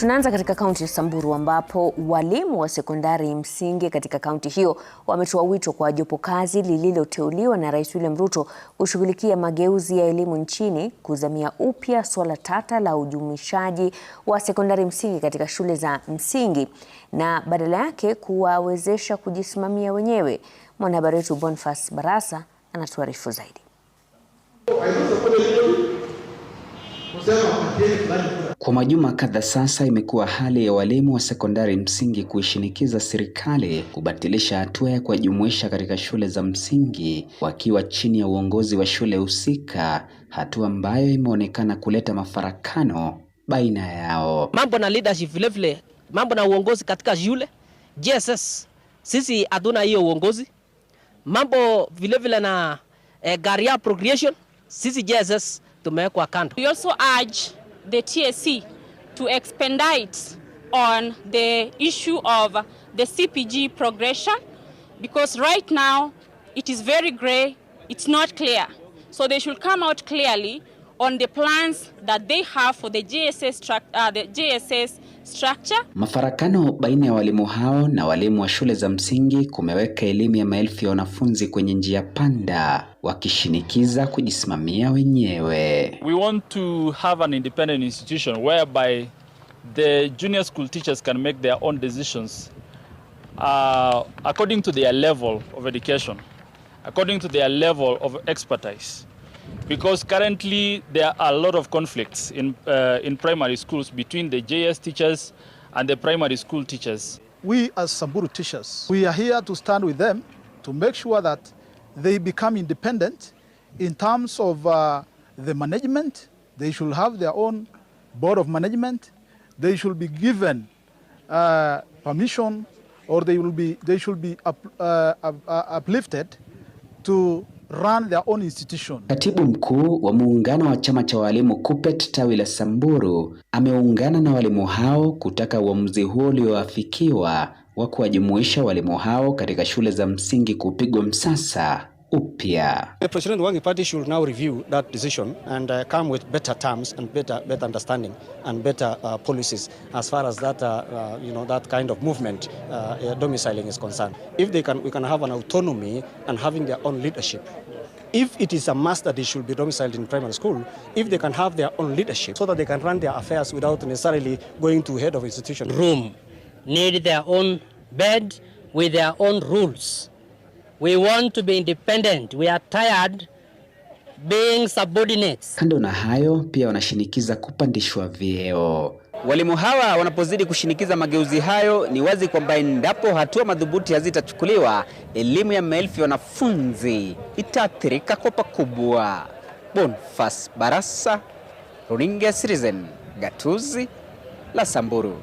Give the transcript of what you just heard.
Tunaanza katika kaunti ya Samburu ambapo walimu wa sekondari msingi katika kaunti hiyo wametoa wito kwa jopo kazi lililoteuliwa na Rais William Ruto kushughulikia mageuzi ya elimu nchini kuzamia upya swala tata la ujumuishaji wa sekondari msingi katika shule za msingi na badala yake kuwawezesha kujisimamia wenyewe. Mwanahabari wetu Bonfas Barasa anatuarifu zaidi. Kwa majuma kadha sasa imekuwa hali ya walimu wa sekondari msingi kuishinikiza serikali kubatilisha hatua ya kuwajumuisha katika shule za msingi wakiwa chini ya uongozi wa shule husika, hatua ambayo imeonekana kuleta mafarakano baina yao. Mambo na leadership vile vile, mambo na uongozi katika shule JSS, sisi hatuna hiyo uongozi. Mambo vile vile na eh, career progression, sisi JSS tumewekwa kando. We also urge the TSC to expedite on the issue of the CPG progression because right now it is very gray, it's not clear. So they should come out clearly on the plans that they have for the JSS, uh, the JSS structure. Mafarakano baina ya walimu hao na walimu wa shule za msingi kumeweka elimu ya maelfu ya wanafunzi kwenye njia panda, wakishinikiza kujisimamia wenyewe. We want to have an independent institution whereby the junior school teachers can make their own decisions uh, according to their level of education, according to their level of expertise. because currently there are a lot of conflicts in, uh, in primary schools between the JS teachers and the primary school teachers. We as Samburu teachers, we are here to stand with them to make sure that they become independent in terms of uh, the management. They should have their own board of management. They should be given uh, permission or they, will be, they should be up, uh, uh, uplifted to run their own institution. Katibu mkuu wa muungano wa chama cha walimu KUPPET tawi la Samburu ameungana na walimu hao kutaka uamuzi huo ulioafikiwa wa kuwajumuisha walimu hao katika shule za msingi kupigwa msasa upya. The President Wangi Party should now review that decision and uh, come with better terms and better, better understanding and better uh, policies as far as that, uh, uh, you know, that kind of movement uh, uh, domiciling is concerned. If they can, we can have an autonomy and having their own leadership. If it is a must that they should be domiciled in primary school, if they can have their own leadership so that they can run their affairs without necessarily going to head of institution. Room need their own bed with their own rules. We want to be independent. We are tired being subordinates. Kando na hayo, pia wanashinikiza kupandishwa vyeo. Walimu hawa wanapozidi kushinikiza mageuzi hayo, ni wazi kwamba endapo hatua madhubuti hazitachukuliwa, elimu ya maelfu ya wanafunzi itaathirika kwa pakubwa. Bonfas Barasa, Runinga Citizen, Gatuzi la Samburu.